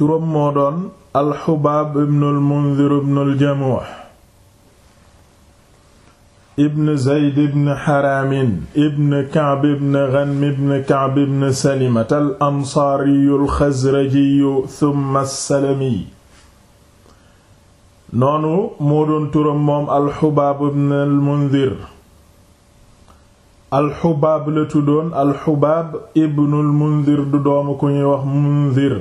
turam moo doon alxubaab ibn almundir ibn aljamuux ibn zeyd ibn xaraamin ibn kacb ibn ganm ibn kacb ibn salimata al ansaariyu alxasrajiyu thumma alsalamiy noonu moo doon turam moom alxubaab ibn almundir alxubaab la tuddoon alxubaab ibn almundir du doomu ku ñuy wax mundir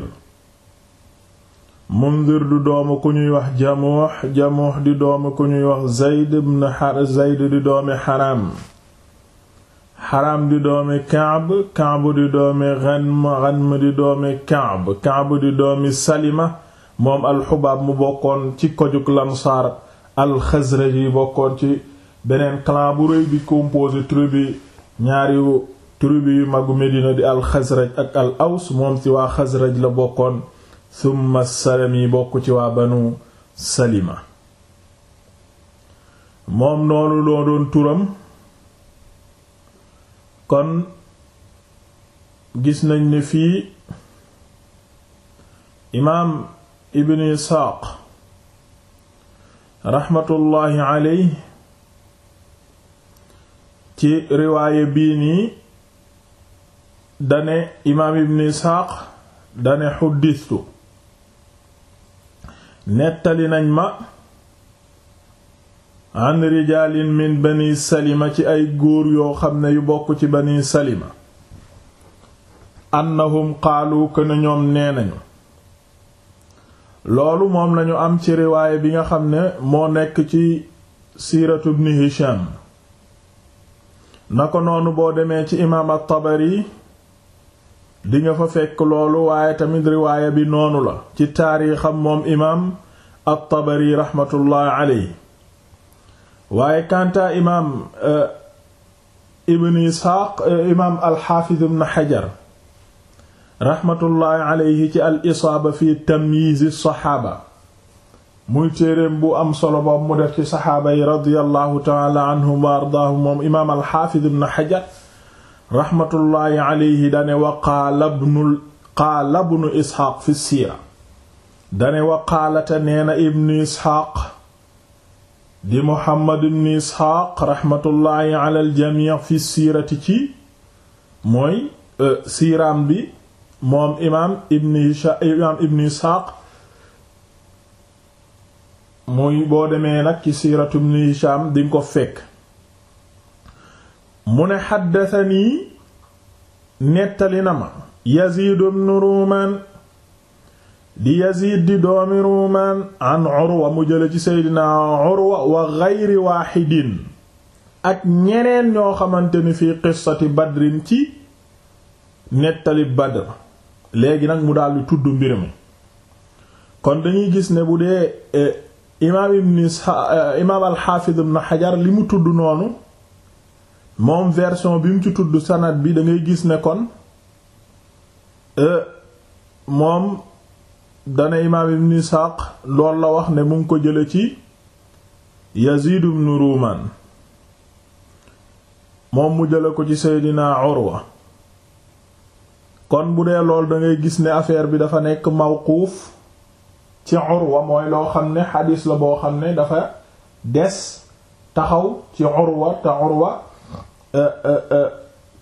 mundir di doomu ku ñuy wax jamuux jamuux di doomu ku ñuy wax zayd ibn har zayd di doomi xaram xaram di doomi kaab kaab di doomi ghanm ghanm di doomi salima moom alxubaab mu bokkoon ci kojug lansaar alxasraji bokkoon ci beneen clan bu rëy bi composé tribu ñaari tribu yu magu medina di alxasraj ak al aws moom ci waa xasraj la bokkoon thumma salami bokk ci waa salima moom noonu loo doon turam kon gis nañ ni fii imaam ibn isxaaq raxmatullaahi aley ci riwaaye bii nii dane imaam ibn isxaaq dane xuddistu nettali nañ ma an rijaalin min bani salima ci ay góor yoo xam ne yu bokk ci bani salima annahum qaalu kana ñoom nee nañu loolu moom lañu am ci riwaaya bi nga xam ne moo nekk ci siiratu ibn hisham na ko noonu boo demee ci imaam at-tabari dinga nga fa fekk loolu waaye tamit riwaaya bi noonu la ci taarixam moom imaam at-Tabari raxmatullaahi alayhi waaye kantaa imaam eh, ibn Isxaaq eh, imaam al-Xaafiz ibn Xajar raxmatullaahi alayhi ci al-Isaaba fi tamyiizi saxaaba muy téereem bu am solo boobu mu def ci saxaaba yi radiyallaahu taala anhum wa ardaahum moom imaam al-Xaafiz ibn Xajar raxmatullaahi alayhi dane wa qaala bnu qaala bnu isxaaq fi siira dane wa qaalata neena ibnu isxaaq di muhammad ibnu isxaaq raxmatullaahi ala aljamic fi siirati ci mooy e, siiraam bi moom imaam ibnu hisha imaam boo demee nag ci siiratu ibnu hishaam dinga ko fekk mu ne xaddatanii nettali na ma Yaziid ibnu Ruumaan di Yaziid di doomi Ruumaan mu jële ci Seydina Urwa wa gayri waaxidin ak ñeneen ñoo xamante ni fii qissati Badrin ci nettali Badr léegi nag mu daldi tudd mbir mi kon dañuy gis ne bu dee eh, imaam ibn eh, imaam al-Xaafid Xajar li mu tudd noonu moom version bi mu ci tudd sanad bi dangay gis ne kon e, moom dana imaam ibn Isaaq lool la wax ne mu ngi ko jële ci Yaziid ibn Ruumaan moom mu jële ko ci Seydina Urwa kon bu dee lool da gis ne affaire bi dafa nekk mawquuf ci Urwa mooy loo xam ne xadiis la boo xam ne dafa des taxaw ci Urwa te Urwa Euh, euh, euh,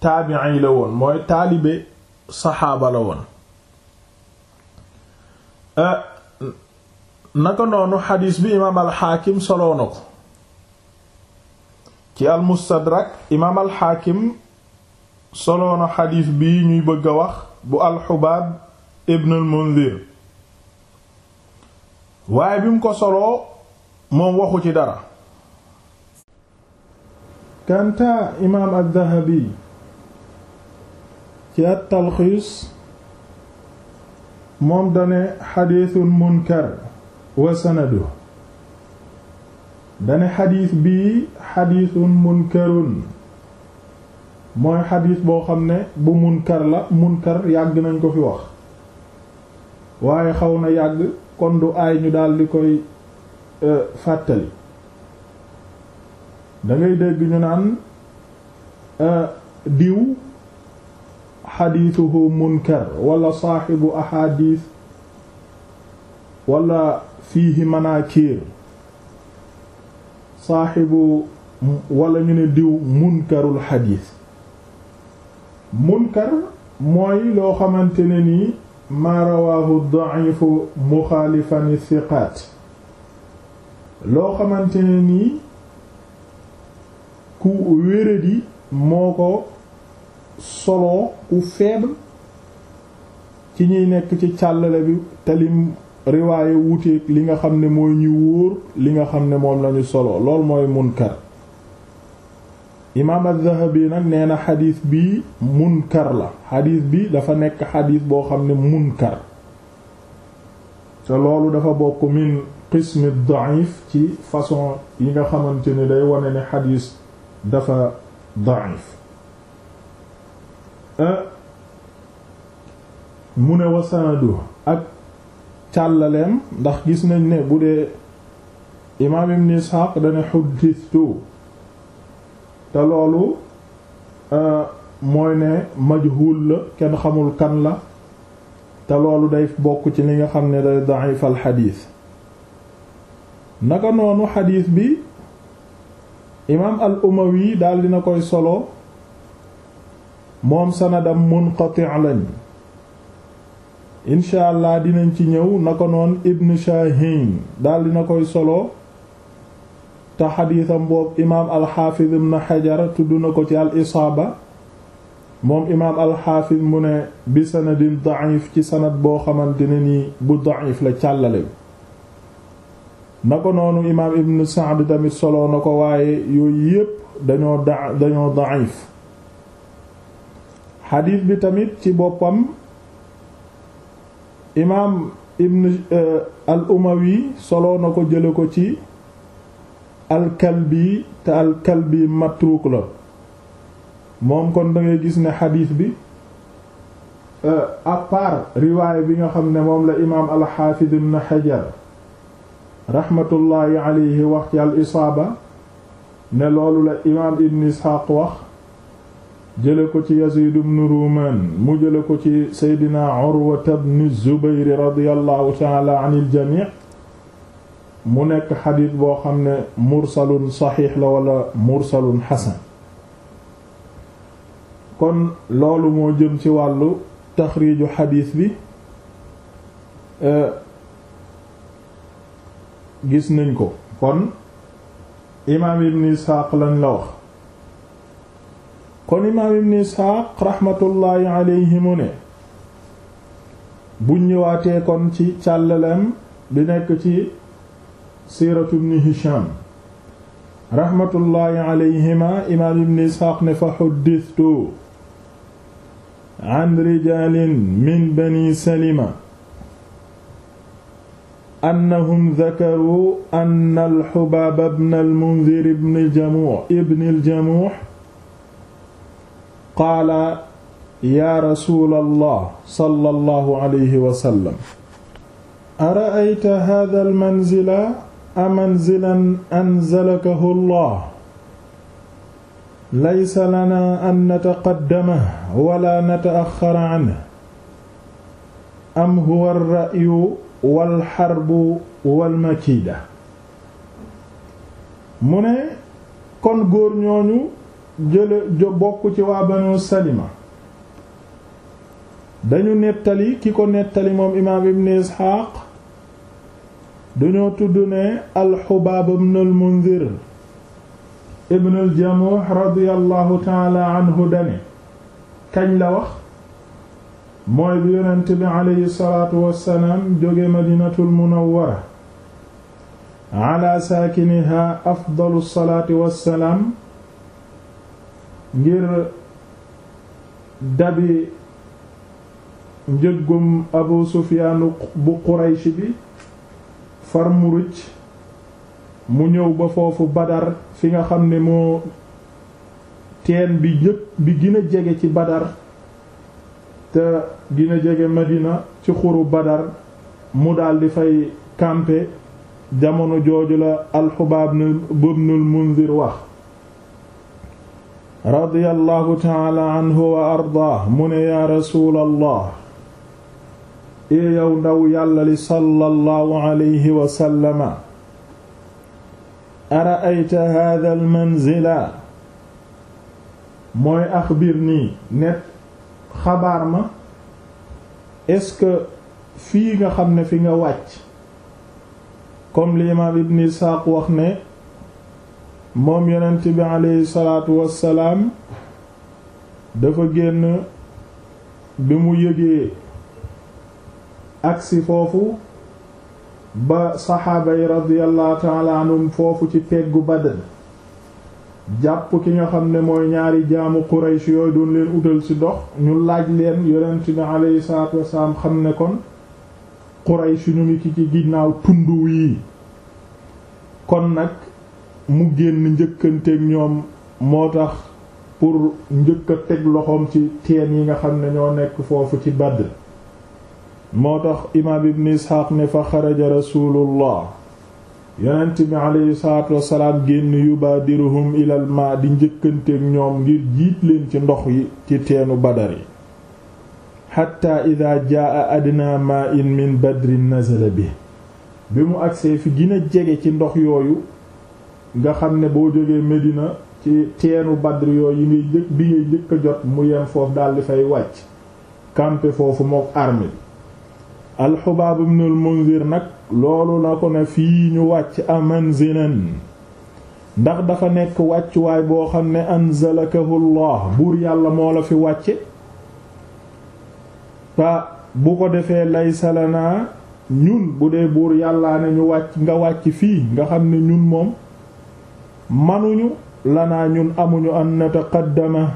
taabi'i la woon mooy taalibe saxaaba la woon naka noonu xadiis bi imaam alxaakim soloo na ko ci almustadrak imaam alxaakim soloo xadiis bi ñuy bëgg a wax bu alxubaab ibn almundir waaye bi mu ko soloo moom waxu ci dara kanta imaam ad-Dahabi ci at-Talxiis moom dane xadiisun munkar wa sanadu dane xadiis bii xadiisun munkarun mooy xadiis boo xam ne bu munkar la munkar yàgg nañ ko fi wax waaye xaw na yàgg kon du aay ñu daal di koy euh, fàttali da ngay dégg ñu naan euh, diw xadiisuhu munkar wala saaxibu axaadiis wala fiihi manaakir saaxibu wala ñu ne diw munkarul xadiis munkar mooy loo xamante ne ni maa rawaahu daifu muxaalifan siqaat loo xamante nii ku wéradi moo ko soloo ku faible ci ñuy nekk ci càllale bi talim riwaaye wuteeg li nga xam ne mooy ñu wóor li nga xam ne moom lañu soloo lool mooy munkar imaam az nag nee na xadiis bi munkar la xadiis bi dafa nekk xadiis boo xam ne munkar te loolu dafa bokk min qismi da'if ci façon yi nga xamante ni day wane ne xadiis dafa da'if euh, mu ne wasanadu ak càllaleem ndax gis nañ ne bu dee imaam ni Isxaaq dane xuddistu te loolu euh, mooy ne majhul la kenn xamul kan la te loolu day bokk ci li nga xam ne day da'if xadiis naka xadiis bi imaam al umawi daal na koy solo moom sanadam munqati' lañ incha allah dinañ ci ñëw na ko noon ibn shahin daal na koy solo te xadiisam boobu imaam alxaafiz na xajar tudd na ko ci al isaaba moom imaam alxaafiz mu ne bi sanadin da'if ci sanad boo xamante ne nii bu da'if la càllale na ko noonu imaam ibn Sa'd tamit solo na ko waaye yooyu yépp dañoo da dañoo da'if xadiis bi tamit ci boppam imaam ibn eh, al umawi solo na ko jële ko ci alkalbi te alkalbi matruuk la moom kon da gis ne xadiis bi eh, à riwaay bi nga xam ne moom la imaam al xaafid ibn raxmatullaahi alayhi wax ci al isaaba ne loolu la imaam ibn isxaaq wax jële ko ci yaziid ibn ruumaan mu jële ko ci seydina urwata ibn zubayr radiyallahu taala an il mu nekk xadiis boo xam ne mursalun saxiix la wala mursalun xasan kon loolu moo jëm ci wàllu taxriiju xadiis bi gis nañ ko kon imaam ibn isxaaq la wax kon imaam ibn isxaaq raxmatullaahi alayhi ne buñ ñëwaatee kon ci càllaleem bi nekk ci siiratu ibn hisham raxmatullaahi alayhima imaam ibn isxaaq ne fa xuddistu an rijaalin min bani salima annahum dakaru anna al-Hubaab ibn al-Mundhir ibn al-Jamuh ibn al-Jamuh qaala yaa rasuulallah sallallahu alayhi wa sallam ara'ayta haadha al-manzila amanzilan anzalakahu Allah laysa lanaa an nataqaddamahu wa laa nata'akhkhara anhu am huwa ar-ra'yu wal xarbu wal makiida mu ne kon góor ñooñu jële jo bokk ci waa banu salima dañu nettali ki ko nettali moom imaam ibn isxaaq dañoo tudd ne alxubaab ibn al mundir ibn jamuux radiyallahu taala anhu dane kañ la wax mooy bi yonent bi aleyhi salaatu wassalaam jóge madinatul munawwara ala saakiniha afdalu salaati wassalaam ngir dabi njëggum abu sufyaanu bu quraysh bi far muruj mu ñëw ba foofu badar fi nga xam ni moo teen bi yëpp bi gën jege ci badar te dina jege Madina ci xuru Badar mu daldi fay camper jamono jooju la alxubaab ibnul Munzir wax radiyallahu taala anhu wa ardaah mu ne yaa rasuulallah ee yow ndaw yàlla li sallallahu alayhi wa sallama ara'ayta haadha almanzila mooy axbirnii net xabaar ma est-ce fii nga xam ne fi nga wàcc comme li imaam ibn wax ne moom yonent bi aleyhi salaatu wassalaam dafa génn bi mu yégee agsi foofu ba saxaaba yi radiyallahu ta'ala foofu ci peggu Badr jàpp ki nga xam ne mooy ñaari jaamu Quraysh yooyu doon leen utal ci dox ñu laaj leen yonent bi alayhi salaatu wassalaam xam ne kon Quraysh ñu ngi ki ci ginnaaw tund yi kon nag mu génn njëkkanteeg ñoom moo tax pour njëkk teg loxoom ci teen yi nga xam ne ñoo nekk foofu ci Badr moo tax imaam Ibn Isxaaq ne fa xaraja Rasuulullah yonent bi aleyhi salaatu wassalaam génn yubaadiruhum ilal ma di njëkkanteeg ñoom ngir jiit leen ci ndox yi ci teenu badar yi xatta ida jaa adna ma in min badrin nazala bi bi mu agsee fi gën a jege ci ndox yooyu nga xam ne boo jógee Medina ci teenu badr yooyu yi ngay jëkk bi ngay jëkk jot mu yem foofu daldi fay wàcc campe foofu mook armée bi alxubaab ibnul munzir nag loolu na ko na fii ñu wàcc amanzilan ndax dafa nekk wàccuwaay boo xam ne anzalakahu buur yàlla moo la fi wàcce ta bu ko defee laysa naa ñun bu dee buur yàlla ne ñu wàcc nga wàcc fii nga xam ne ñun moom manuñu lanaa ñun amuñu an nataqaddama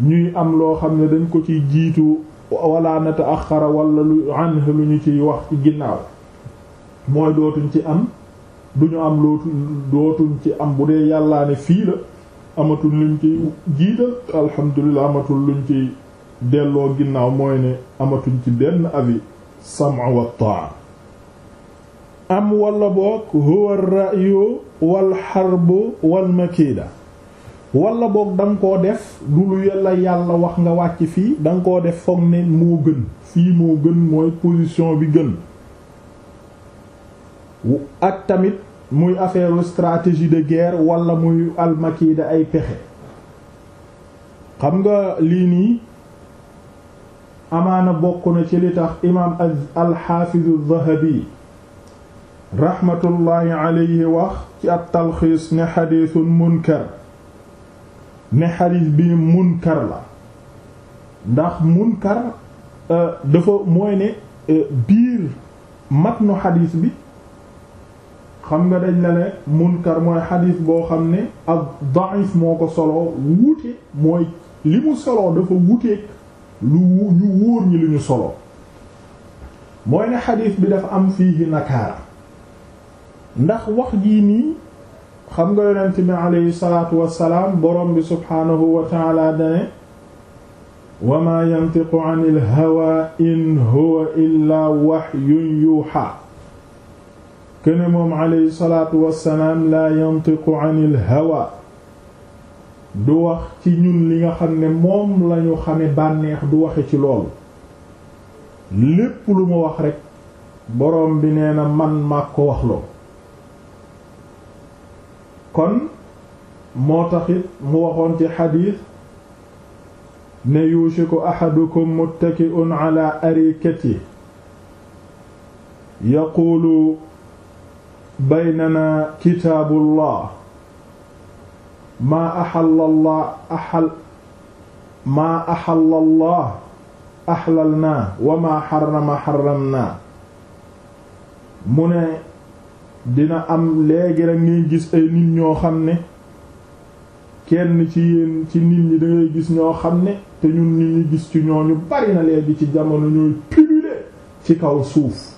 ñuy am loo xam ne dañ ko ci jiitu wala nataaxara wala lu anh lu ñu ciy wax ginnaaw mooy dootuñ ci am duñu am lootu ci am bu dee yàllaa ne fii la amatul luñ ci jiital alhamdulilah amatul luñ ci delloo ginnaaw mooy ne amatuñ ci benn abi sam'a wa ta'a am wala boog huwa wal harbu wal makida wala boog da koo def du lu yàlla yàlla wax nga wàcc fii da koo def foog ne moo gën fii moo gën mooy position bi gën ak tamit muy affaire stratégie de guerre walla muy almakiida ay pexe xam nga lii nii amaana bokk na ci li tax imaam alxaafizu dhahabi raxmatullaahi wax ci ab talxiis ne xadiisun munkar ne xadiis bi munkar la ndax munkar euh, dafa mooy ne euh, biir matnu xadiis bi xam nga dañ na ne munkar mooy xadis boo xam ne ak da'if moo ko soloo wuute mooy li mu soloo dafa wuuteeg lu ñu wóor ñi li ñu soloo mooy ne xadis bi dafa am fiihi nakaara ndax wax gi nii xam nga yonent bi alayhi salaatu wassalaam borom bi subhaanahu wa taala dane wa ma yantiqu anil hawa in huwa këne moom alayhi salaatu wassalaam laa yantiqu anil hawa du wax ci ñun li nga xam ne moom lañu xame bànneex du waxe ci loolu lépp lu ma wax rekk boroom bi nee na man maa ko wax kon moo taxit mu waxoon ci xadiis ne yuushiku ahadukum muttaki'un ala arikati yaqulu baynana kitaabullah maa axalallah axal maa axalallah axlalnaa wa maa xarrama xarramnaa mu ne dina am léegi rek ngay gis ay nit ñoo xam ne kenn ci yéen ci nit ñi dangay gis ñoo xam ne te ñun nit ñi gis ci ñooñu bari na léegi ci jamono ñooy pullule ci kaw suuf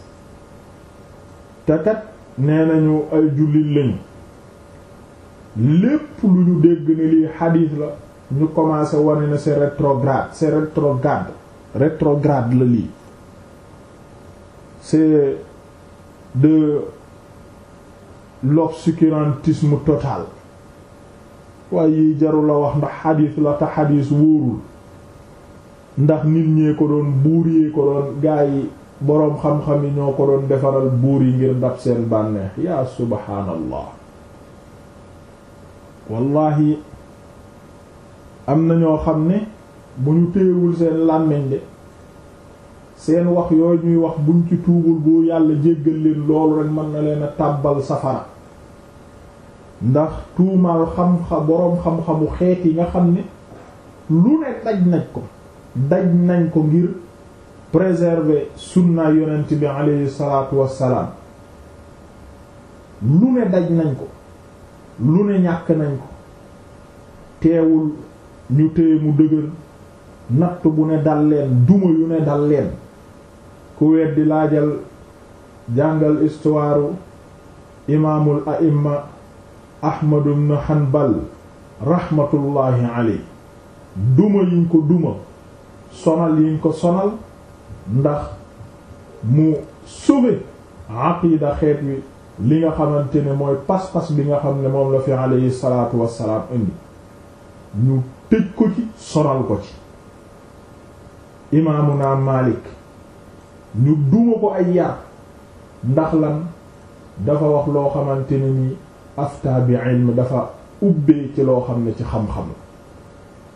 te kat nee nañu ay jullit lañu lépp lu ñu dégg ni lii xadiis la ñu commencé wane na c'est rétrograde c'est rétrograde rétrograde la lii c'est de l'obscurantisme total waaye yi jaru la wax ndax xadiis la te xadiis wóorul ndax nit ñee ko doon buur yee ko doon gaa yi boroom xam-xam yi ñoo ko doon defaral buur yi ngir dab seen bànneex yaa subhaanallah wallahi am na ñoo xam ne bu ñu téyewul seen làmmiñ de seen wax yooyu ñuy wax buñ ci tuubul boo yàlla jéggal leen loolu rekk mën na leen a tàbbal safara ndax tuumaal xam-xam boroom xam-xamu xeet yi nga xam ne lu ne daj nañ ko daj nañ ko ngir préserver sunna yonent bi alayhi lu ne daj nañ ko lu ne ñàkk nañ ko teewul ñu téye mu dëgër natt bu ne dal leen duma yu ne dal ku weddi laajal jàngal istuwaaru imaamul a'imma ahmadu ibn hanbal rahmatullahi alayhi duma yiñ ko duma sonal yiñ ko sonal ndax mu sauver aqida xeet wi li nga xamante ne mooy pas-pas bi nga xam ne moom la fi alayhi salaatu wassalaam indi ñu tëj ko ci sonal ko ci imaamuna Maalik ñu duma ko ay yar ndax lan dafa wax loo xamante ne ni afta bi ilm dafa ubbee ci loo xam ne ci xam-xam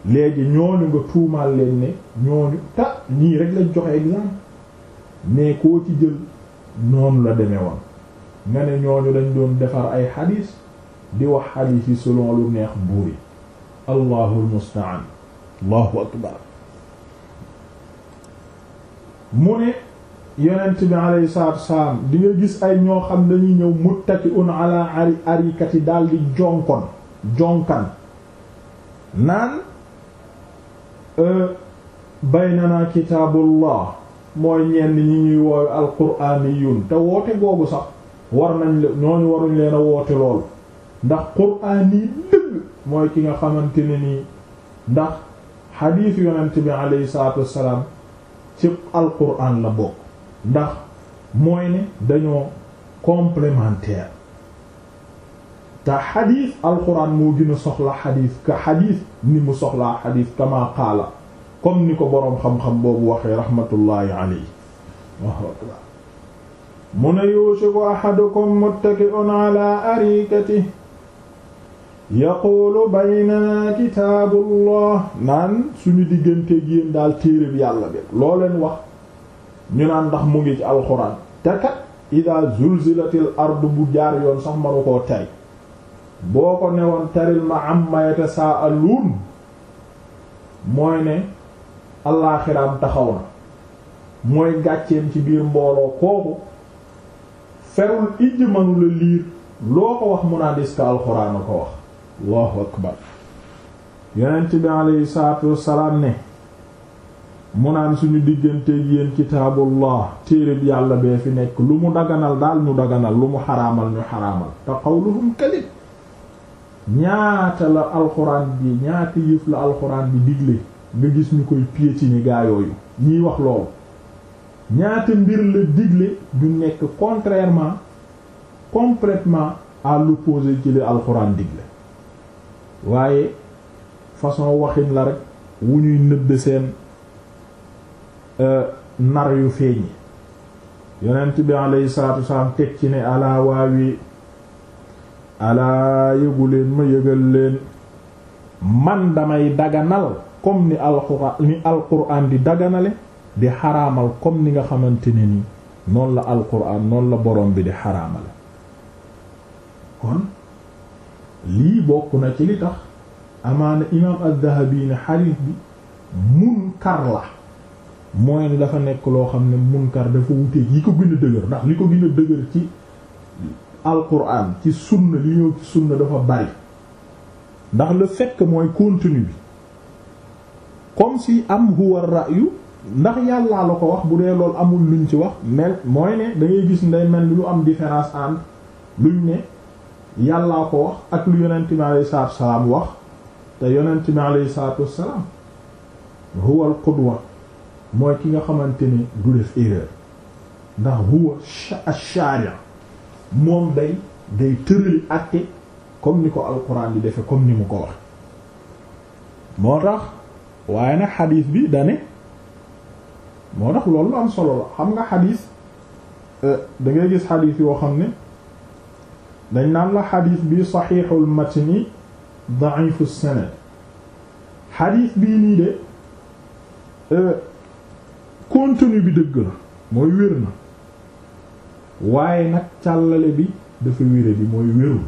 léegi ñooñu nga tuumaal leen ne ñooñu ta ñii rek lañ joxe exemple mais koo ci jël noonu la demee woon nga ne ñooñu dañ doon defar ay xadiis di wax xadiis yi selon lu neex buur yi allahu almustaan allahu akbar mu ne yonent bi alayhi salaatu wassalaam di nga gis ay ñoo xam dañuy ñëw muttaki'un ala ari arikati daal di jonkon jonkan naan baynana kitaabullah mooy ñenn ñi ñuy wooyu alquraaniyun te woote googu sax war nañ le ñooñu waruñ leen woote lool ndax quraan yi dëgg mooy ki nga xamante ne nii ndax xadiis yonent bi alayhi salaatu wassalaam ci alquraan la bokk ndax mooy ne dañoo complémentaire te xadiis alquran moo gën soxla xadiis ka xadiis ni mu soxlaa xadiis kama qaala comme ni ko boroom xam-xam boobu waxee rahmatullahi alayhi mu ne yuushiku ahadukum muttaki'un ala arikati yaquulu baynana kitaabullah naan suñu diggante gi yéen daal téere yàlla bi loo wax ñu naan ndax mu ngi alxuraan te kat idaa zulzilatil ardu bu jaar yoon sax manu koo tay boo ko newoon taril ma amma yatasaaluun mooy ne allaaxiraam taxaw na mooy gàcceem ci biir mbooloo kooku ferul ijj manu la loo ko wax mu naan est ko wax allahu akbar yonent bi aleyhi salaatu wassalaam ne mu naan suñu digganteeg yéen kitaabullah téereb yàlla bee fi nekk lu mu daganal daal ñu daganal lu mu xaraamal ñu xaraamal te qawluhum kalim ñaata la alxuraan bi ñaata yëf la alxuraan bi digle nga gis ñu koy piétiner gaa yooyu ñiy wax loolu ñaata mbir la digle du nekk contrairement complètement à l'opposé ci li alxuraan digle waaye façon waxin la rek wu ñuy nëbb seen euh, nar yu feeñ yi yonent bi alayhi salaatu wasalaam teg ci ne alaa waawi alaa yëgu ma yëgal leen man damay daganal comme ni alxuraan ni alxuraan di daganale di xaraamal comme ni nga xamante ne ni noonu la alxuraan noonu la borom bi di xaraamale kon lii bokk na ci li tax amaana imaam ad-Dahabi ne xadiis bi munkar la mooy ne dafa nekk loo xam ne munkar dafa wuteeg yi ko gën a dëgër ndax li ko gën a dëgër ci alquran ci sunna li ñëw ci sunna dafa bari ndax le fait mooy contenu bi comme si am huwa ra'yu ndax yàllaa la ko wax bu dee loolu amul luñ ci wax mel mooy ne da gis nday mel ni lu am différence entre luñ ne yàllaa ko wax ak lu yonent bi alayhi salaatu wasalaam wax te yonent bi alayhi salaatu wasalaam huwa al qudwa mooy ki nga xamante ni du def erreur ndax huwa ash moom day day tërali àtte comme ni ko alquran di defe comme ni mu ko wax moo tax waaye nag xadiis bi dane moo tax loolu am solo la xam nga xadiis euh, da ngay gis xadiis yoo xam ne dañ naan la xadiis bi saxiixul matni da'ifu sanad xadiis bii nii de euh, contenu bi dëgg la mooy wér na waaye nag càllale bi dafa wére bi mooy wérul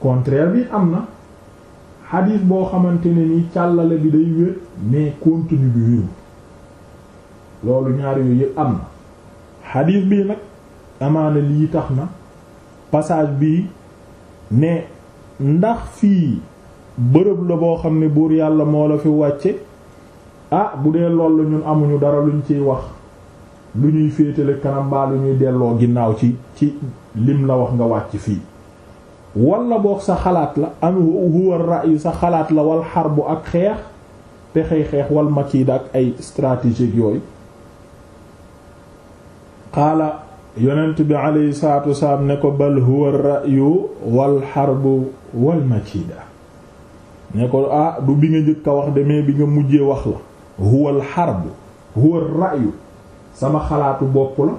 contraire bi am na xadiis boo xamante ne ni càllale bi day wér mais contenu bi wérul loolu ñaar yooyu yëpp am na xadiis bii nag amaana lii tax na passage bii ne ndax fii bërëb la boo xam ne buur yàlla moo la fi wàcce a ah, bu dee loolu ñun amuñu dara luñ ciy wax lu ñuy féetale kanam baa ñuy delloo ginnaaw ci ci lim la wax nga wàcc fii wala boog sa xalaat la am huwa ra'yu sa xalaat la wal xarbu ak xeex pexey xeex wal makiida ak ay stratégie yooyu qaala yonent bi alayhi salaatu wasalaam ne ko bal huwa ra'yu wal xarbu wal makiida ne ko ah du bi nga njëkk a wax de bi nga mujjee wax la huwa xarbu huwa ra'yu sama xalaatu bopp la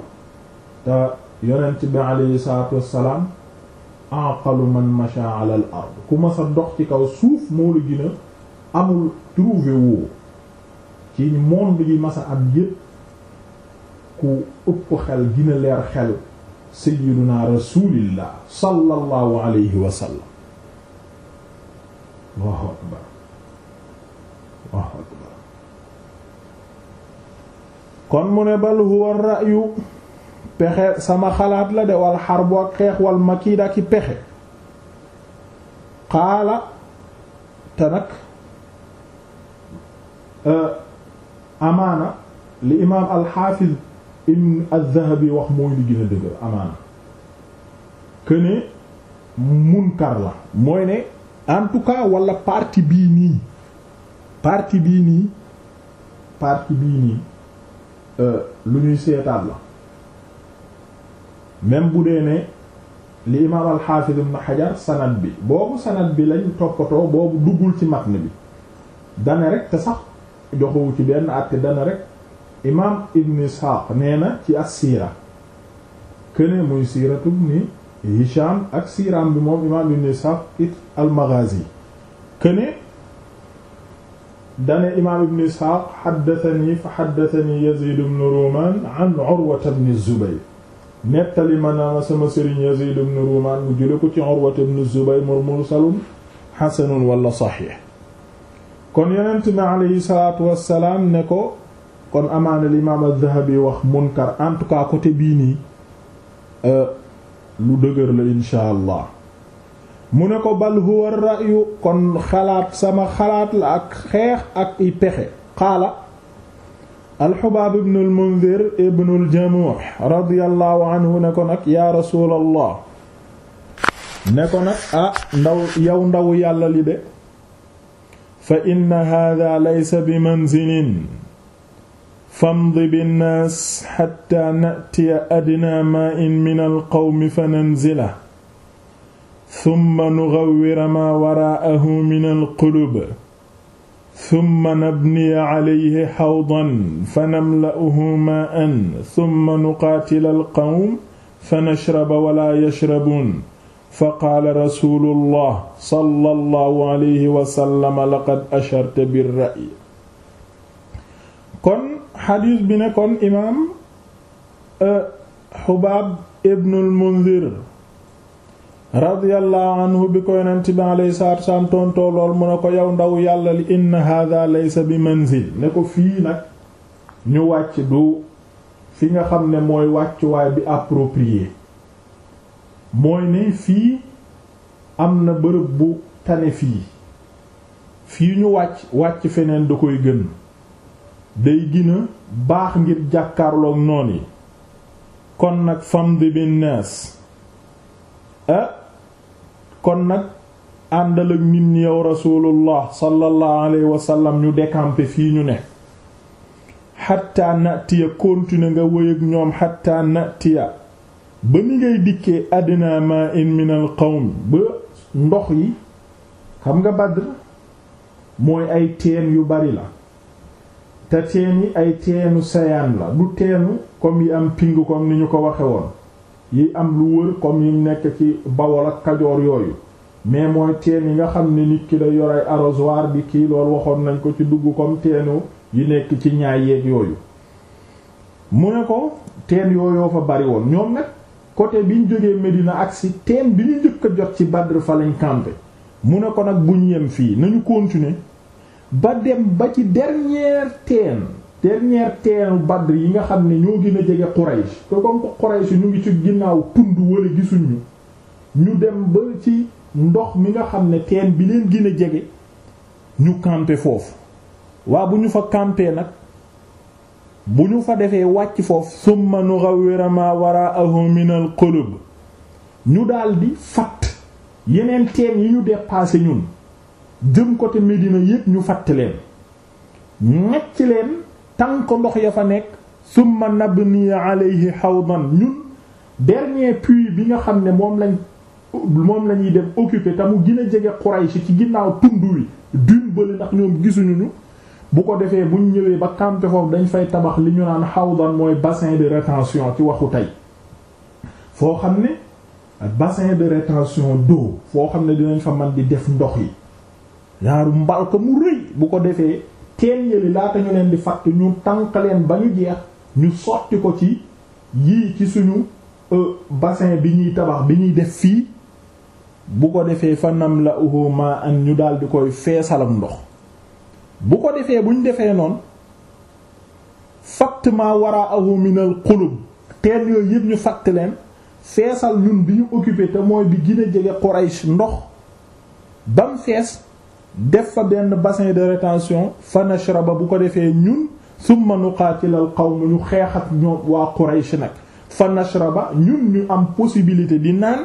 te yonent bi alayhi salaatu wassalaam aqalu man masha ala ku ma sa dox ci kaw suuf moo la gën a amul trouvé woo ci monde yi masa am yépp ku ëpp xel gën a leer xelu sayyiduna rasulillah sallallahu alayhi wa sallam Allahu akbar Allahu kon mu ne bal huwa ra'yu pexe sama xalaat la de wal xarbu ak xeex wal makiida ci pexe xaala te nag euh, amaana li imaam alxaafiz ibn al wax mooy li gën a dëgër amaana que munkar la mooy ne en tout cas wala partie bii nii partie bii nii partie bii nii Euh, lu ñuy seetaat la même bu dee ne li imaam al-Hafiz ibn sanad bi boobu sanad bi lañ toppatoo boobu duggul ci matn bi dana rek te sax joxowu ci benn àtte dana rek imaam ibn Ishaq nee na ci as-siira këne muy siiratu ibn Hisham ak siiraam bi moom imaam ibn Ishaq it al këne dane imaam ibn isxaaq xaddatani fa xaddatani yazid ibn ruumaan an urwata ibn zubayr nettali ma naa sama sëriñ yazid ibn ruumaan mu jule ko ci urwata ibn zubayr mur mursalun xasanun wala saxiix kon yonent bi aleyhi salaatu wassalaam ne ko kon amaana li imaam az-Zahabi wax munkar en tout cas côté bii nii euh, lu dëgër la insha allah mu ne ko bal huwa ra'yu kon xalaat sama xalaat la ak xeex ak i pexe qaala alxubaab ibn almundir ibn aljamuux radiyallahu anhu ne ko nag yaa rasuulallah ne ko nag ah ndaw yow ndaw yàlla li de fa inna haadaa laysa bi manzilin famdi binnaas xatta natiya adnaa maa'in min alqawmi fa nanzila summa nugawwira maa waraa'ahu min alqulub summa nabniya calayhi xawdan fanamla'uhu maa'an summa nuqaatila alqawm fanashraba wala yashrabuun faqaala rasuulullah sallallahu alayhi wa sallam laqad asharta birra'yi kon xadiis bi ne kon imaam eh, Xubaab ibnul Mundir radiyallahu anhu bi ko yonent bi alayhi lool mu ne ko yow ndaw yàlla li inna hadha laysa bi manzil ne ko fii nag ñu wàcc du fi nga xam ne mooy wàccuwaay bi approprié mooy ne fii am na bërëb bu tane fii fii ñu wàcc wàcc feneen da koy gën day gën baax ngir jàkkaarloog noon yi kon nag famdi bin nas ah, kon nag àndal ak nit ñi yow rasulullah sallallahu alayhi wa ñu décamper fii ñu ne xatta natiya continuer nga wëy ak ñoom xatta natiya ba ni ngay dikkee adna ma in min al qawm ndox yi xam nga Badr mooy ay teen yu bari la te teen yi ay teenu sayaan la du teenu comme yi am ping ni ñu ko waxe woon yi am lu wër comme yi nekk ci Bawol ak Kajoor yooyu mais mooy teen yi nga xam ne nit ki da yor ay bi kii lool waxoon nañ ko ci dugg comme teenu yi nekk ci ñaay yeeg yooyu mu ne ko teen yooyoo fa bari woon ñoom nag côté bi ñu jógee Medina ak si teen bi ñu njëkk jot ci Badr fa lañ mu ne ko nag buñ yem fii nañu continuer ba dem ba ci dernière teen dernière teenu Badr yi nga xam ne ñoo gën a jege Quraysh te comme Quraysh ñu ngi ci ginnaaw tund wala gisuñu ñu dem ba ci ndox mi nga xam ne teen bi leen gin a jege ñu camper foofu waa bu ñu fa camper nag bu ñu fa defee wàcc foofu summa nughawwiru ma wara'ahum min al qulub ñu daldi fatt yeneen teen yi ñu dépassé ñun jëm côté Médina yépp ñu fatt leen ñecc leen tànk ndox ya fa nekk summa nabni alayhi hawdan ñun dernier puits bi nga xam ne moom lañ moom la dem occuper te mu gën a jege Quraysh ci ginnaaw tund wi dune bële ndax ñoom gisuñu ñu bu ko defee buñ ñëwee ba campé foofu dañ fay tabax li ñu naan hawdan mooy bassin de rétention ci waxu tey foo xam ne bassin de rétention d'eau foo xam ne dinañ fa man di def ndox yi yaaru mbal mu rëy bu ko defee teen yële laata ñu leen di fatt ñu tànq ba ñu jeex ñu sotti ko ci yii ci suñu euh, bassin bi ñuy tabax bi ñuy def fii bu ko defee fa nam la uhuma an ñu daal di koy ndox bu ko bu ñu defee noonu fatt ma wara ahu minal xulub teen yooyu yëpp ñu fatt leen feesal ñun bi ñu occupé te mooy bi gën a jege Quraysh ndox bam fees def fa benn bassin de rétention fa ba bu ko defee ñun summa nuqaatil al qawm ñu xeex ak ñoom waa Quraysh nag fa ba ñun ñu am possibilité di naan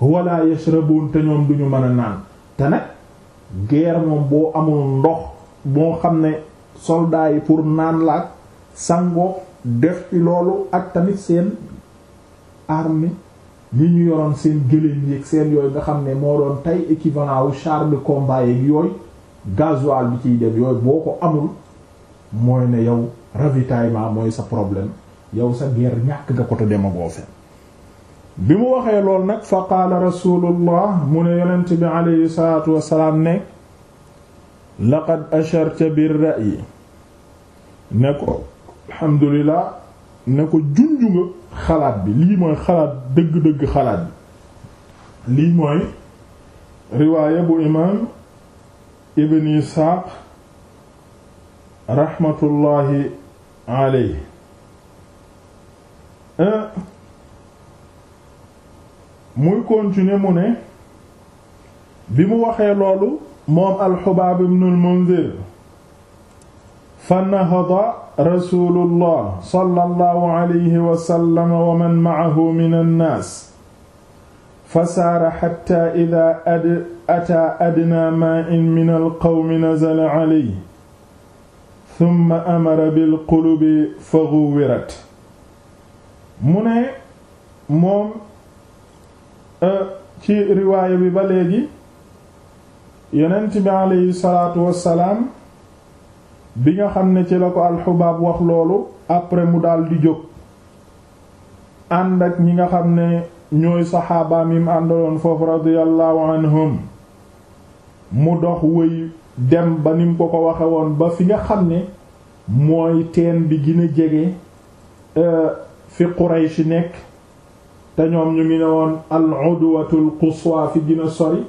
wala yashrabuun te ñoom duñu mën a naan te nag guerre moom boo amul ndox boo xam ne soldats yi pour naan la ak sango def ci loolu ak tamit seen armée li ñu yoroon seen gëléem yeeg seen yooyu nga xam ne moo doon tey équivalent wu char de combat yeeg yooyu bi ciy dem yooyu boo ko amul mooy ne yow ravitaillement mooy sa problème yow sa guerre ñàkk nga ko te demagoo fen bi mu waxee lool nag fa qaala rasulullah mu ne yonent bi aleyhi salatu wasalaam ne laqad asharta bir ra'yi ne ko alhamdulillah ne ko junju xalaat bi lii mooy xalaat dëgg-dëgg xalaat bi lii mooy riwaaya bu imaam ibn Isaaq raxmatullaahi alayhi eh, muy continuer mu ne bi mu waxee loolu moom alxubaab ibn al-Munzir fa nahada rasulullah sallallahu alayhi wa sallam wa man ma'ahu min annaas fa saara xatta ida ataa adnaa maa'in min alqawmi nazala caleyhi summa amara bilqulubi fa guwirat mu ne moom e, ci riwaaya bi ba léegi yonent bi aleyhi salaatu wassalaam bi nga xam ne ci la ko alxubaab wax loolu après mu daal di jóg ànd ak ñi nga xam ne ñooy saxaaba mi mu àndaloon foofu radiyallahu anhum mu dox wëy dem ba ni mu ko ko waxe woon ba fi nga xam ne mooy teen bi gën a jege euh, fi Quraysh nekk te ñoom ñu ngi ne woon al udwatul quswa fi gën sori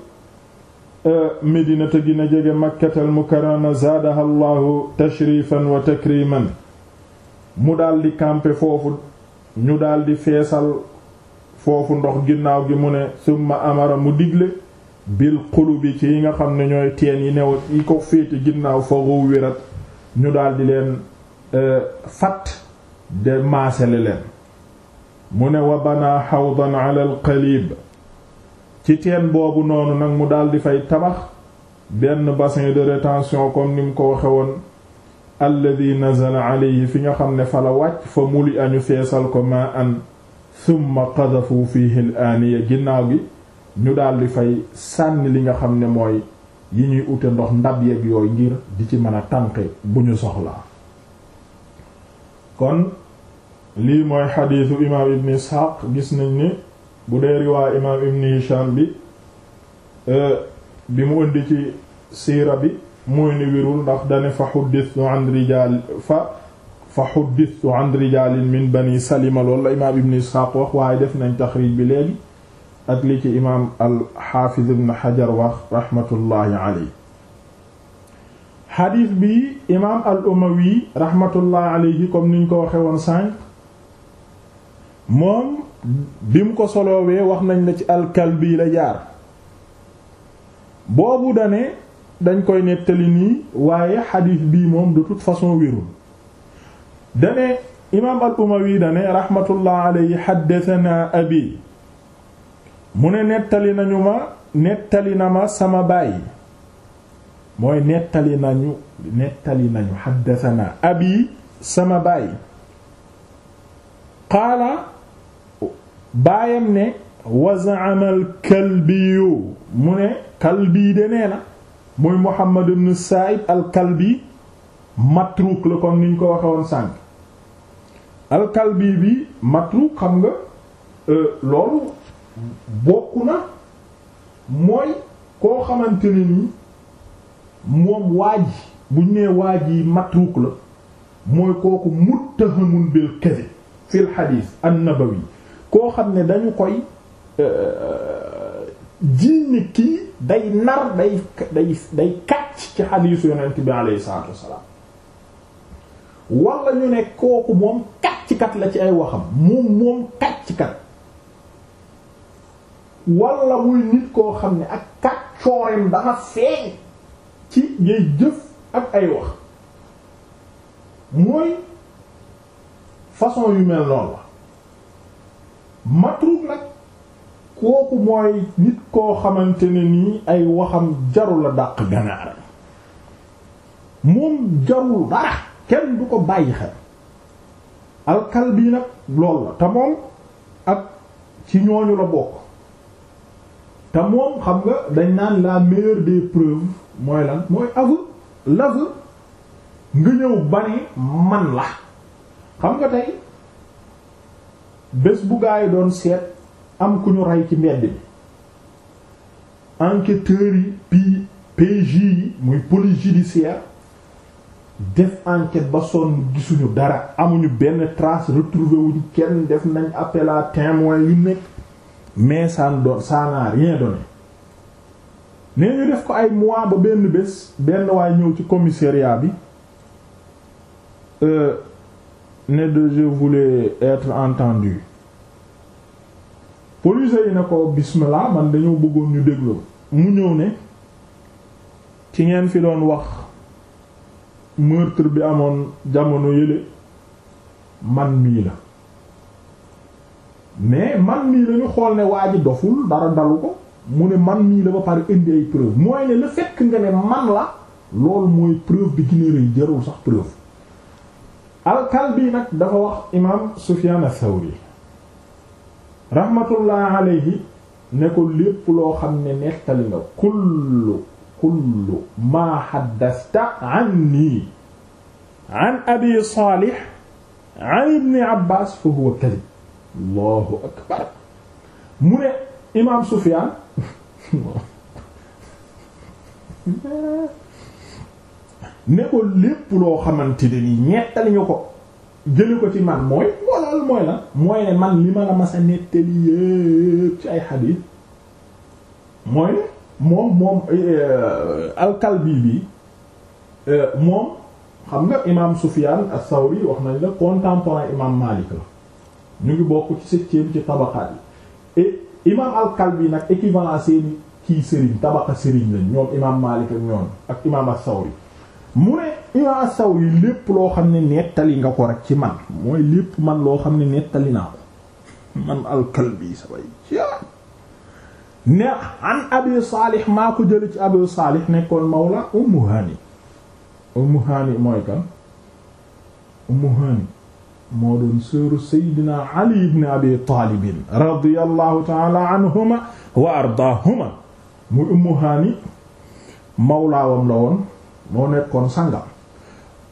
Euh, Medina te na a jege Makkatal Mukarrama zaadaha Allahu tashrifan wa takriman mu daldi camper foofu ñu daldi feesal foofu ndox ginnaaw gi mu ne summa amara mu digle bil qulubi ci yi nga xam ne ñooy teen yi newoon yi ko féete ginnaaw fa ruwirat ñu daldi leen euh, fat de maasele leen mu ne wa banaa hawdan ala al ci teen boobu noonu nag mu daldi fay tabax benn basin de rétention comme ni mu ko waxe woon alladi nazala yi fi nga xam ne fa la wàcc fa muli añu feesal ko ma an thumma qadafu fihi l aaniya ginnaaw gi ñu daldi fay sànni li nga xam ne mooy yi ñuy ute ndox ndab yeg yooyu ngir di ci mën a tànqe bu ñu soxla kon lii mooy xadiisu imaam ibn isxaaq gis nañ ni bu dee riwaay imaam ibn Hisham bi e, bi mu indi siira bi mooy ni wirul ndax dane fa xuddistu an rijaal min bani salima imaam ibn Isxaaq wax waaye def nañ taxriij bi léegi ak li ci imaam alxaafiz ibn wax raxmatullaahi aley xadiis bi imaam al umawi raxmatullaahi aleyhi comme niñ ko waxe woon sànq bi mu ko soloowee wax nañ la ci alkal alkalbi la jaar boobu dane dañ koy nettali nii waaye xadiis bii moom de toute façon wérul dane imaam al umawi dane raxmatullah alayhi xaddatanaa abi mu ne nettali nañu ma nettali na ma sama baay mooy nettali nañu nettali nañu xaddatanaa abi sama baay qaala baayam ne wa za'ama al-Kalbiyu mu ne Kalbi de nee na muy Muhammad ibn Sa'ib al-Kalbi matruuk la comme niñ ko waxe sànk sànq al-Kalbi bi matruuk xam nga euh, loolu bokk na mooy koo xamante ne ni moom waaj buñ nee waaj yi matruuk la mooy kooku muttahamun bil kadhib fil hadith an koo xam ne dañu koy euh, jinni kii day nar day day ci xadiisu yonent bi alayhi salaatu wassalaam wala ñu ne kooku moom kàcckat la ci ay waxam moom moom kàcckat wala muy nit koo xam ne ak kàccooreem dafa feeñ ci ngay jëf ak ay wax mooy façon yu mel noonu la matruuk nag kooku mooy nit koo xamante ni nii ay waxam jarula dàq ganaar moom jarul dara kenn du ko bàyyi xel alkal bii nag lool la te ak ci ñooñu la bokk te xam nga dañ naan la meilleure des preuves mooy lan mooy aveu l'aveu nga ñëw bari man la xam nga tey bés bu gaa yi doon seet am ku ñu rey ci mbedd bi enquêteurs yi pi PJ yi muy police judiciaire def enquête ba sonn gisuñu dara amuñu benn trace retrouvé wuñ kenn def nañ appel à témoins yu nekk mais ça ne donne rien donné nee ñu def ko ay mois ba benn bés benn waay ñëw ci commissariat bi euh, ne de je voulais être entendu police yi ne ko bismillah man dañoo bëggoon ñu déglu mu ñëw ne ci ngeen fi doon wax meurtre bi amoon jamono yële man mii la mais man mii la xool ne waa doful dara dalu ko mu ne man mii la ba pare indi ay preuve mooy ne le fait que nga ne man la loolu mooy preuve bi gën rëy jarul sax preuve al-Kalbi nag dafa wax imaam Sufyaan ath-Thawri rahmatullah alayhi ne ko lépp loo xam ne nettali nga kullu kullu maa haddasta anni an abi Saalih an ibni Abbaas fa huwa kadib allahu akbar mu ne imaam Sufyaan ne ko lépp loo xamante ne nii ñettali ñu ko jële ko ci man mooy loolu mooy la mooy ne man li ma la mas a nettali yépp ci ay xadiis mooy moom moom euh, alkalbi bi euh, moom xam nga imaam Sufyaan as-Sawri wax nañ la contemporain imaam Maalik la ñu ngi bokk ci septième ci tabaqaat yi et imaam alkalbi nag équivalent seeni kii sëriñ tabaqa sëriñ la ñoom imaam Maalik ak ñoom ak imaam as-Sawri mu ne Imaam Saw yi lépp loo xam ne nettali nga ko rek ci man mooy lépp man loo xam ne nettali naa ko man al-Kalbi sa way ne an Abi Salih maa ko jële ci Abi Salih nekkoon mawla Ummu Hani Ummu Hani moo doon sœuru Seydina Ali ibn Abi Talib radiyallahu ta'ala anhuma wa ardaahuma muy Ummu Hani mawlaawam la woon moo nekkoon sàngam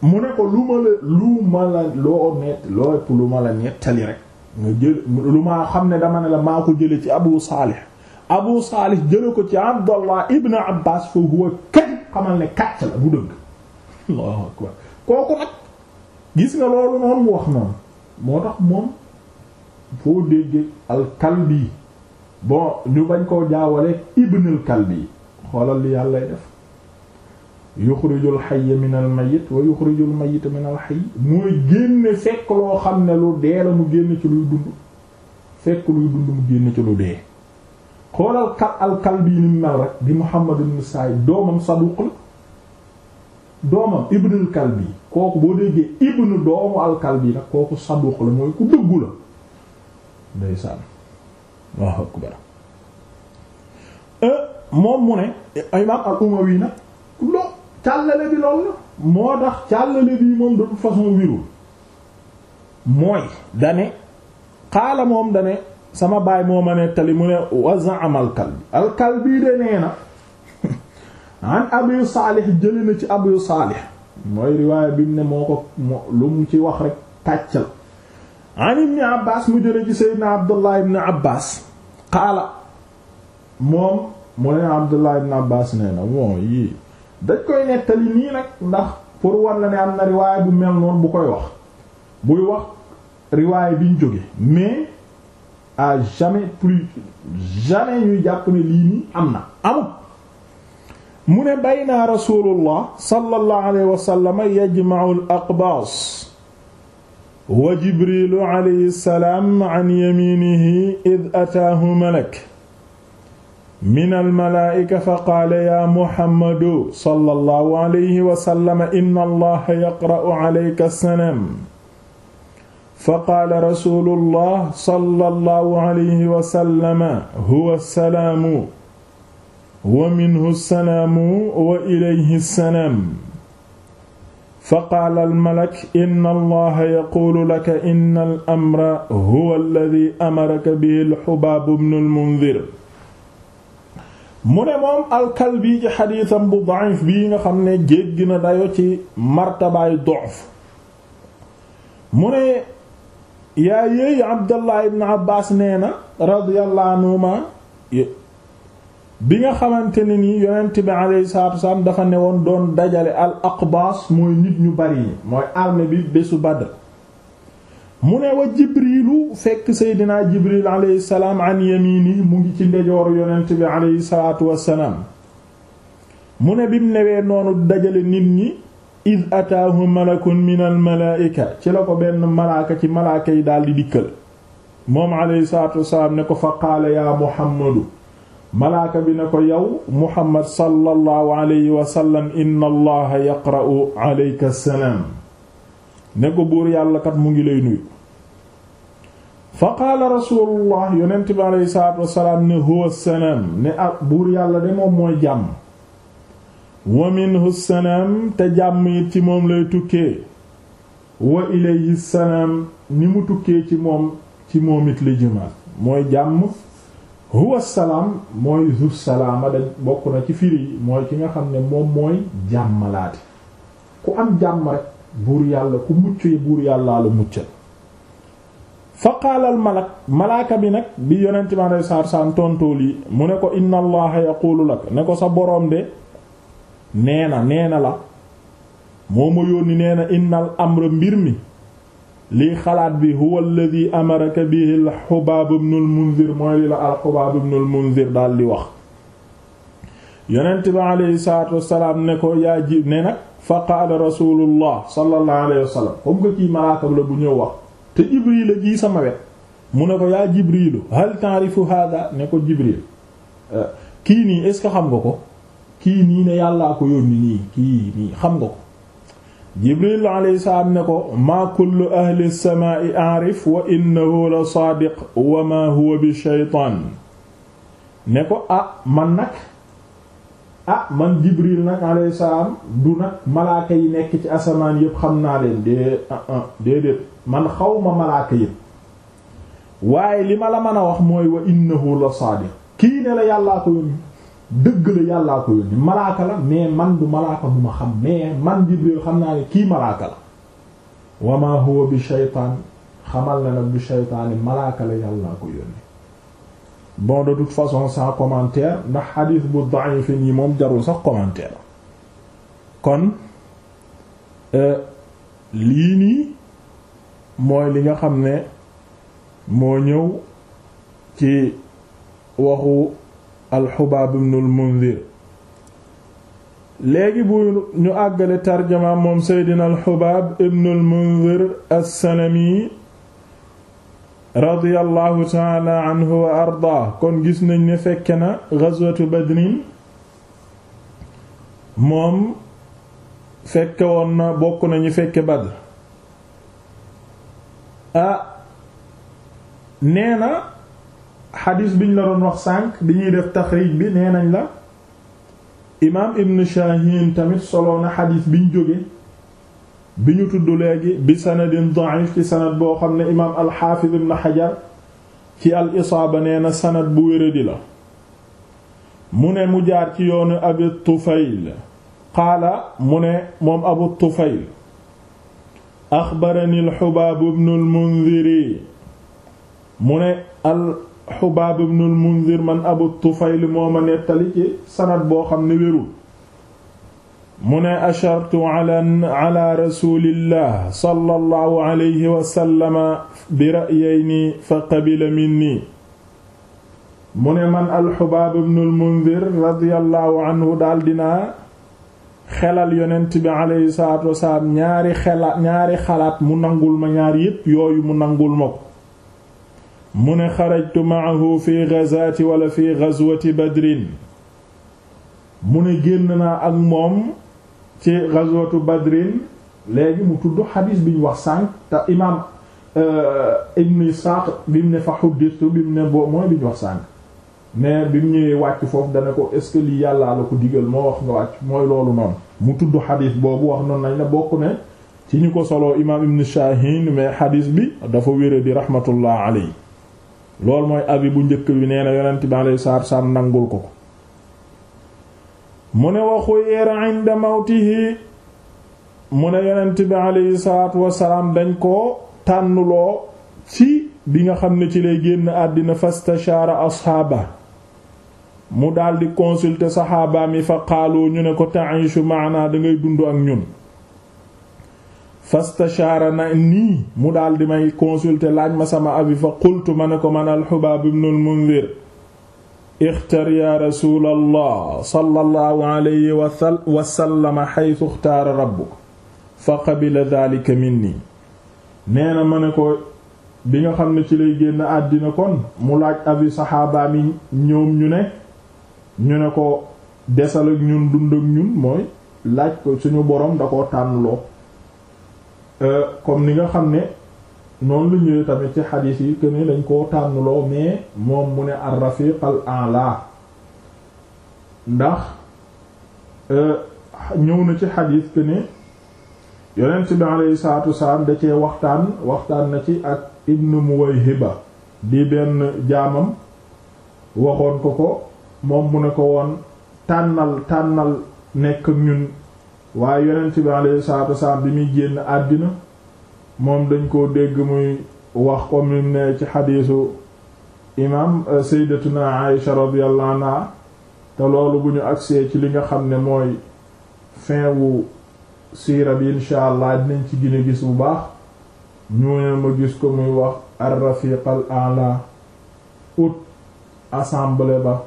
mu ne ko lu ma la lu ma la loo net loo ëpp lu ma la nettali rek nga jël lu ma xam ne dama ne la maa ko jële ci abu saalih abu saalih jële ko ci abdallah ibn abbas fa huwa kadib xamal ne kàcc la bu dëgg kooku nag gis nga loolu noonu mu wax noonu moo tax moom foo déggee alkalbi bon ñu bañ koo jaawale ibnul kalbi xoolal li yàlla def yuxrijul xayya minal mayit wa yuxrijul mayita minal xayy mooy génne fekk loo xam ne lu dee la mu génn ci luy dund fekk luy dund mu génn ci lu dee xoolal kal al kalbi ni mel rek di Muhammad ibn Sa'id doomam saduq la doomam ibnul kalbi kooku boo déggee ibnu doomu al kalbi nag kooku saduq la mooy ku dëggu la eh, moom mu ne eh, imaam al umawi nag loo càllale bi lool moo tax càllale bi moom de toute façon wirul mooy dane xaala moom dane sama baay moo ma nettali mu ne wazam alkalbi alkalbi de nee na an abu saalih jëli na ci abu saalih mooy riwaaya bi ne moo ko lu mu ci wax rek tàccal an ibni abbas mu jële ci seydina abdullah ibni abbas xaala moom mu ne abdullah ibni abbas nee na bon yii dañ koy nettali nii nag ndax pour wan la ne am na riwaay bu mel noonu bu koy wax buy wax riwaay biñ jóge mais à jamais plus jamais ñuy jàpp ne lii nii am na amut mu ne bayna rasulullah sallallahu alayhi wa sallam yajma'u al wa jibrilu alayhi salaam an yaminihi id ataahu malak min almalaa'ika fa qaala yaa muhammadu sallallahu alayhi wa sallam inna allaha yaqra'u alayka as-salaam fa qaala rasuulullah sallallahu alayhi wa sallam huwa as-salaamu wa minhu as-salaamu wa ilayhi as-salaam fa qaala al-malak inna allaha yaquulu laka inna al-amra huwa alladhi amaraka bihi al-hubaab ibn al-mundhir mu ne moom alkalbi ci xadiisam bu da'if bii nga xam ne jéggi dina dayo ci martabaay dof mu ne yaa yéeyi abdallah ibn abbas nee na radiyallahu anhuma bi nga xamante ne nii dafa ne woon doon dajale al aqbaas mooy nit ñu bari ñi mooy armée bésu Badr mu ne wa jibrilu fekk seydinaa jibril alayhi salaam an yamini mu ngi ci ndejooru yonent bi alayhi salaatu wassalaam mu ne bim newee noonu dajale nit ñi id ataahu malakun min al malaa'ika ci la ko benn malaaka ci malaaka yi daldi dikkal moom ne ko fa qaala yaa muhammadu malaaka bi ne ko yow muhammad sallallahu alayhi wa sallam inna allaha yaqra'u alayka salaam ne ko buur mu ngi lay nuyu fa qaala rasulullah yonent bi aleyhi salaatu wasalaam ne huwa sanam ah, buur yàlla de moom mooy jàmm wa sanam te jàmm ci moom lay tukkee wa ilayhi ni mu tukkee ci moom ci moom it la jëmaat mooy jàmm huwa salaam mooy zu salaama bokk na ci firi yi mooy ki nga xam ne moom mooy jàmmalaate ku am jàmm rek buur yàlla ku buur yàllaa la muccal fa qaala malak malaaka bi nag bi yonent bi alei saatu salaam tontool yi mu ne ko inna allaha yaqulu lak ne ko sa boroom de nee na nee na la moo ma yónni nee na innal amra mbir mi lii xalaat bi huwa alladhi amaraka bihi al xubaab ibn al mooy li la al xubaab ibn al munzir daal di wax yonent bi aleyhi salatu wasalaam ne ko yaa ji ne nag fa qaala rasulullah sallallahu alayhi wa sallam comme que kii malaakam la bu ñëw wax te jibril a ji sama wet mu ne ko yaa jibrilu hal ta'rifu hada ne ko jibril eh, kii nii est ce que xam nga ko kii nii ne yàllaa ko yónni nii kii nii xam nga ko jibril alayhi salaam ne ko maa kullu ahli samaa'i a'rif wa innahu la saadiq wa ma huwa bi shaytaan ne ko ah man nag ah man Jibril nag alayhi salaam du nag malaaka yi nekk ci asamaan yëpp xam naa leen dée ah, ah, déedéet man xawma malaaka yëpp waaye li ma la mën a wax mooy wa innahu la saadiq kii ne la yàllaa ko yónni dëgg la yàllaa ko yónni malaaka la mais man du malaaka bu ma xam mais man Jibril xam naa ne kii malaaka la wa ma huwa bi shaytaan xamal na nag bi shaytaani malaaka la yàllaa ko yónni bon de toute façon sans commentaire ndax xadiis bu da'if yi moom jarul sax commentaire kon euh, lii nii mooy li nga xam ne moo ñëw ci waxu alxubaab ibnul mundir léegi bu ñu àggale tarjama moom seydina alxubaab ibnul mundir as radiyallahu taala anhu wa ardaa kon gis nañ ni fekke na ghazwatu badrin moom fekke woon na bokk nañu fekke badr a nee na xadiis biñ la doon wax sànq bi ñuy def taxriij bi nee nañ la imaam ibn Shaahin tamit soloona xadiis biñ jóge bi ñu tudd léegi bi sanadin da'if ci sanad boo xam ne imaam alxaafiz ibn xajar ci al nee na sanad bu wéradi la mu ne mu jaar ci yoonu abi tufayl qaala mu ne moom abu tufayl axbarani alxubaab ibn almundiri mu ne alxubaab ibn almundir man abu tufayl moo nettali ci sanad boo xam ne wérul mu ne ashartu ala ala rasulillah sallallahu alayhi wa bi ra'yayni fa qabila minni mu ne man alxubaab ibnul mundir radiyallahu anhu daal dinaa xelal yonent bi alayhi salaatu ñaari xelaat xalaat mu nangul ma ñaari yépp yooyu mu nangul ma ko mu ne xarajtu maahu fi gazaati wala fi gazwati badrin mu ne génn ak moom ci ghazwatu badrin léegi mu tudd xadiis bi ñu wax sànq te imaam euh, ibn Isaaq bi mu ne fa xuddistu bi mu ne boo mooy bi ñu wax sànq mais bi mu ñëwee wàcc foofu dana ko est-ce la ko digal moo wax nga wàcc mooy loolu noonu mu tudd xadiis boobu wax noonu nañ la bokk ne ci ñu ko soloo imaam ibn Shaahin mais xadiis bi dafa wére di rahmatullah alayhi mooy abi bu njëkk bi nee na yonent bi alayhi salaatu salaam nangul ko ko mu ne wa xuyira inda mawtihi mu ne yonent bi aleyhi salaatu wasalaam dañ ko tànnuloo ci bi nga xam ne ci lay génn àddina fastashaara asxaaba mu daldi consulter saxaabaam yi fa qaalu ñu ne ko ta'ishu maana dangay dund ak ñun fastashaara na nii mu daldi may consulter laaj ma sama avis fa qultu ma ne ko man al Xubaab ibnul Munzir ixtar yaa rasuulallah sallallahu alayhi wa sallam xaytu ixtaara rabbuk fa qabila daalika minni nee na ma ne ko bi nga xam ne ci lay génn àddina kon mu laaj avis saxaabaa mi ñoom ñu ne ñu ne ko desal ak ñun dund ak ñun mooy laaj ko suñu boroom da koo tànnloo euh, comme ni nga xam ne noonu lu ñëwee tamit ci xadiis yi que ne dañ koo tànnloo mais moom mu ne ar-rafiq al-a'la ndax euh, ñëw na ci xadiis que ne yonent bi alayhi salaatu wasalaam waxtaan waxtaan na ci ak ibn Muwayhiba di benn jaamam waxoon ko ko moom mu ne ko woon tànnal tànnal nekk ñun waaye yonent bi alayhi salaatu wasalaam bi muy génn àddina moom dañ koo dégg muy wax ko ni ne ci xadiisu imaam euh, sayyidatuna Aïsha radiyallahu anha te loolu bu ñu agsee ci li nga xam ne mooy fin wu siira bi insha allah dinañ ci gën a gis bu baax ñu ne ma gis ko muy wax ar-rafiq al-a'la ut assemblée ba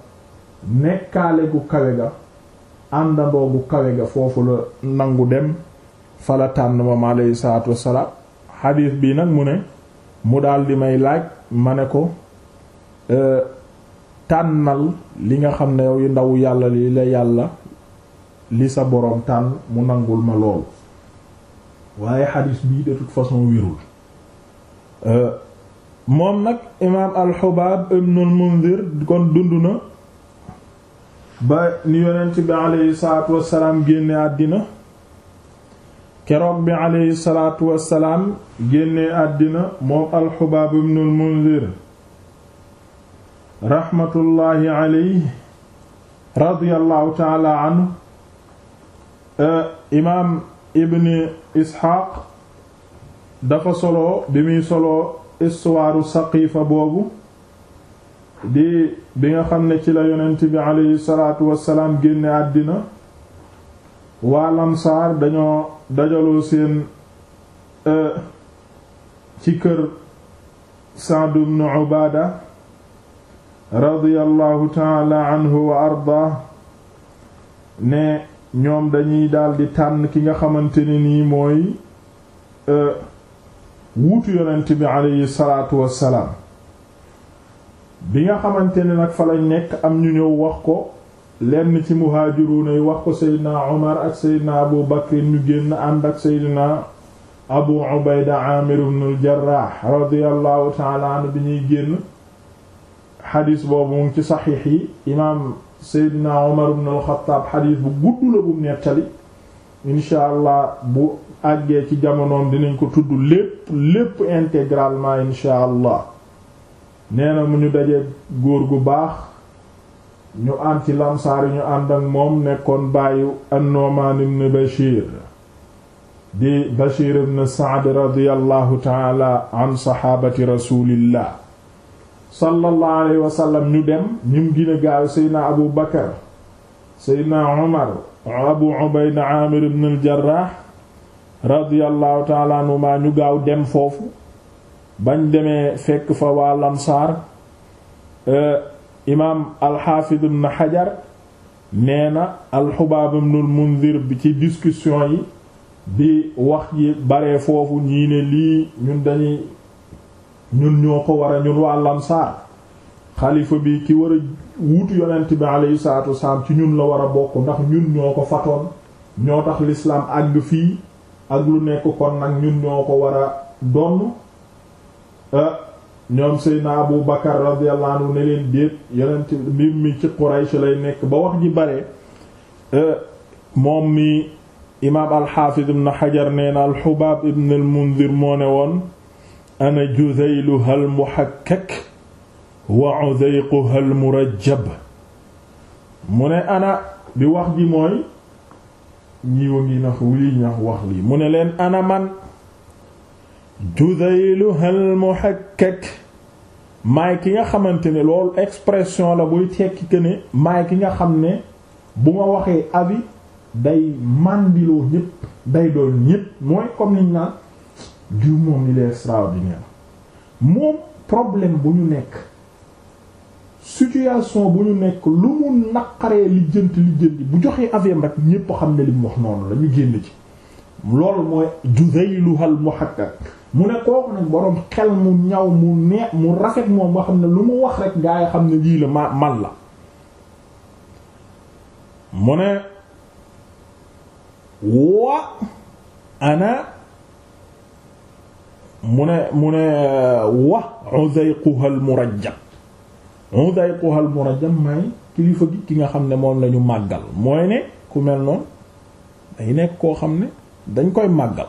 nekkaale gu kawe ga àndandoo gu kawe ga foofu la nangu dem fala tànn ma alayhi wassalaam xadiis bii nag mu ne mu daal di may laaj ma ne ko euh, tànnal li nga xam ne yow yu ndaw yàlla li la yàlla li sa boroom tànn mu nangul ma loolu waaye xadiis bii de toute façon wérul euh, moom nag imaam alxubaab ibnul mundir kon dund na ba ni yonent bi aleyhi salaatu génne àddina keroog bi aleyhi salaatu wassalaam génnee àddina moom alxubaab ibnul mundir raxmatullaahi aleyhi radiyallaahu taala anhu eh, imaam ibni isxaaq dafa solo bi muy solo istuwaaru saqiifa boobu di bi nga xam ne ci la yonent bi aleyhi génne àddina waa lamsaar dañoo dajaloo seen e, ci kër Sa'd ibn Ubaada radiyallahu taala anhu wa arda ne ñoom dañuy daldi tànn ki nga xamante ne nii mooy e, wuutu yonent bi aleyhi salaatu wassalaam bi nga xamante ne nag falañ nekk am ñu ñëw wax ko lenn ci muhaajiruuna yi wax ko seydina Omar ak seydina Abu Bakr ñu génn ànd ak seydina Abu Ubayda Aamir ibn al-Jarraah radiyallahu bi ñuy génn xadiis boobu mu ci saxiix yi imaam seydina Omar ibn al xadiis bu gudd la bu nettali incha allah bu àggee ci jamonoom dinañ ko tudd lépp lépp intégralement incha allah nee na mu ñu daje góor gu baax ñu am ci lamsaar yi ñu ànd moom nekkoon baayu an-Nu'man ibn Bashir di Bashir ibn Sa'd radiyallahu taala an saxaabati rasulillah sallallahu ñu dem ñim gën a Seydina Abu Bakar Seydina Umar Abu Ubayda Amir ibn al radiyallahu taala ñu gaaw dem foofu bañ demee fekk fa waa lamsaar euh, imaam alxaafid ibn xajar nee na alxubaab ibn almundir bi ci discussion yi bi wax ji baree foofu ñii lii ñun dañuy ñun ñoo ko war a ñun waa lamsaar xalifa bi ki war a wuutu yonent bi aleyhi salaatu wasalaam ci ñun la war a bokk ndax ñun ñoo ko fatoon ñoo tax lislaam àgg fii ak lu nekk kon nag ñun ñoo ko war a donn euh, ñoom Seydina Abu Bakar radiyallahu anhu ne leen déet yonent mbir mi ci Quraysh lay nekk ba wax ji bare euh, moom mi imaam al-Hafiz ibn Hajar nee ibn al-Mundhir moo ne woon ana juzayluha al-muhakkak wa wax wax lii mu ne leen ana man judayluha almuhakkak maay ki nga xamante ne loolu expression la buy tekki que ne maay ki nga xam ne bu ma waxee abi day mandiloo ñépp day doon ñépp mooy comme niñ naan diw moom il est extraordinaire moom problème bu ñu nekk situation bu ñu nekk lu mu naqaree lijjanti lijjanti bu joxee aviam rek ñépp xam ne li mu wax noonu la ñu génn ci loolu mooy judayluha almuhakkak mu ne kooku nag boroom xel mu ñaw mu nee mu rafet moom nga xam ne lu mu wax rek gaa xam ne lii la ma man la mu ne wa ana mu ne mu ne wa uzayquha al murajjab uzayquha al murajjab may kilifa gi ki nga xam ne moom lañu màggal mooy ne ku mel noonu day nekk koo xam ne dañ koy màggal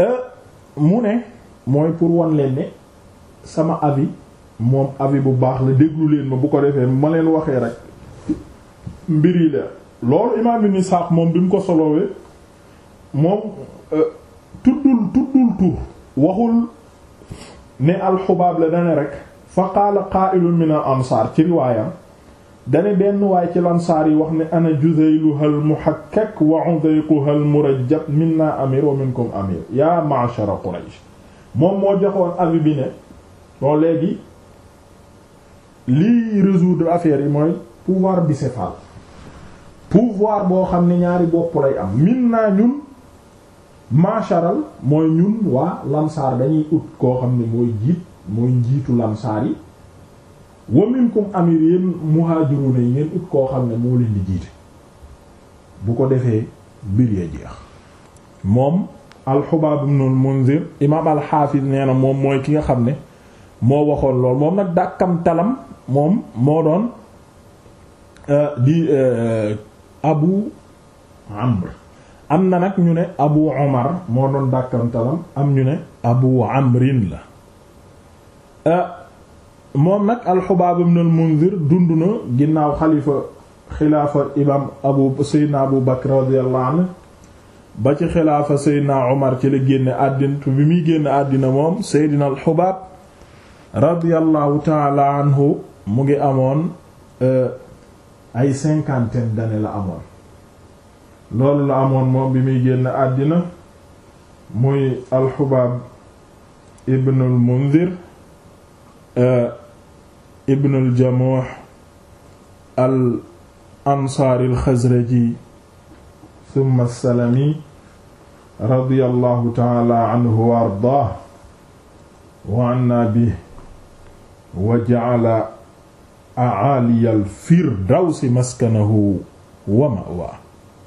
euh, mu ne mooy pour wan leen ne sama avis moom avis bu baax la déglu leen ma bu ko defee ma leen waxee rek mbir yi la loolu imaam ibn Isaaq moom bi mu ko solowee moom euh, tuddul tuddul tur waxul ne alxubaab la dana rek fa qaala qaa'ilun min al ansaar ci riwaayam dane benn waaye ci lansaar yi wax ne ana judayluha al muhakkak wa udayquha al murajjab minna amir wa minkum amir ya ma'shara quraysh moom moo joxoon avis bi ne bon léegi lii résoudre affaire yi mooy pouvoir bicéphale pouvoir boo xam ne ñaari bopp lay am minna ñun ma'sharal mooy ñun waa lansaar dañuy ut koo xam ne mooy jiit mooy njiitu lansaar yi wa minkum amir yéen muhajiruna yi ngeen ut koo xam ne moo leen di jiite bu ko defee mbir ya jeex moom alxubaab ibnul munzir imaam alxaafis nee na moom mooy ki nga xam ne moo waxoon lool moom nag dàkkam talam moom moo doon euh, di euh, abu amr am na nag ñu ne abu moo doon dàkkam talam ñu ne abu amrin la euh, moom nag alxubaab ibn al munzir dund na ginnaaw xalifa xilaafa imam abu seydna abu bakr radiyallahu ba ci xilaafa seydna omar ci la génne àddina bi muy génn àddina moom seydna alxubaab radiyallahu taala anhu mu ngi amoon eh, ay cinquantaine d'années la amoon loolu la amoon moom bi muy génn àddina muy alxubaab ibn al munzir eh, ibn al-Jamuh al-Ansaari al-Xazraji thumma as-Salami radiyallahu ta'ala anhu wa ardaahu wa anna bihi wa ja'ala a'aaliya al-firdawsi maskanahu wa ma'waahu